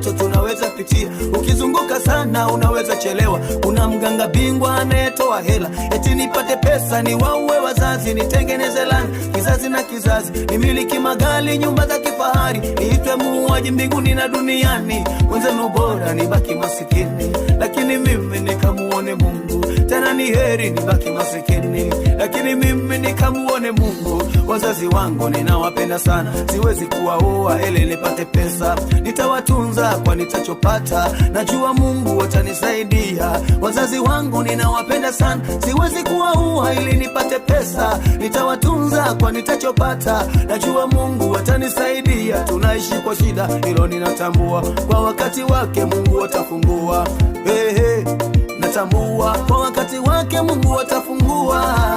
changamoto tunaweza pitia. Ukizunguka sana unaweza chelewa. Kuna mganga bingwa anayetoa hela, eti nipate pesa, ni wauwe wazazi, nitengeneze lani kizazi na kizazi, nimiliki magali nyumba za kifahari, niitwe muuaji mbinguni na duniani, wenzenu bora nibaki masi Mungu, tena ni heri nibaki masikini, lakini mimi nikamuone Mungu. Wazazi wangu ninawapenda sana, siwezi kuwaoa ili nipate pesa, nitawatunza kwa nitachopata, najua Mungu watanisaidia. Wazazi wangu ninawapenda sana, siwezi kuwaoa ili nipate pesa, nitawatunza kwa nitachopata, najua Mungu watanisaidia. Tunaishi kwa shida, hilo ninatambua, kwa wakati wake Mungu atafungua. Hey. Ee Tambua kwa wakati wake Mungu atafungua.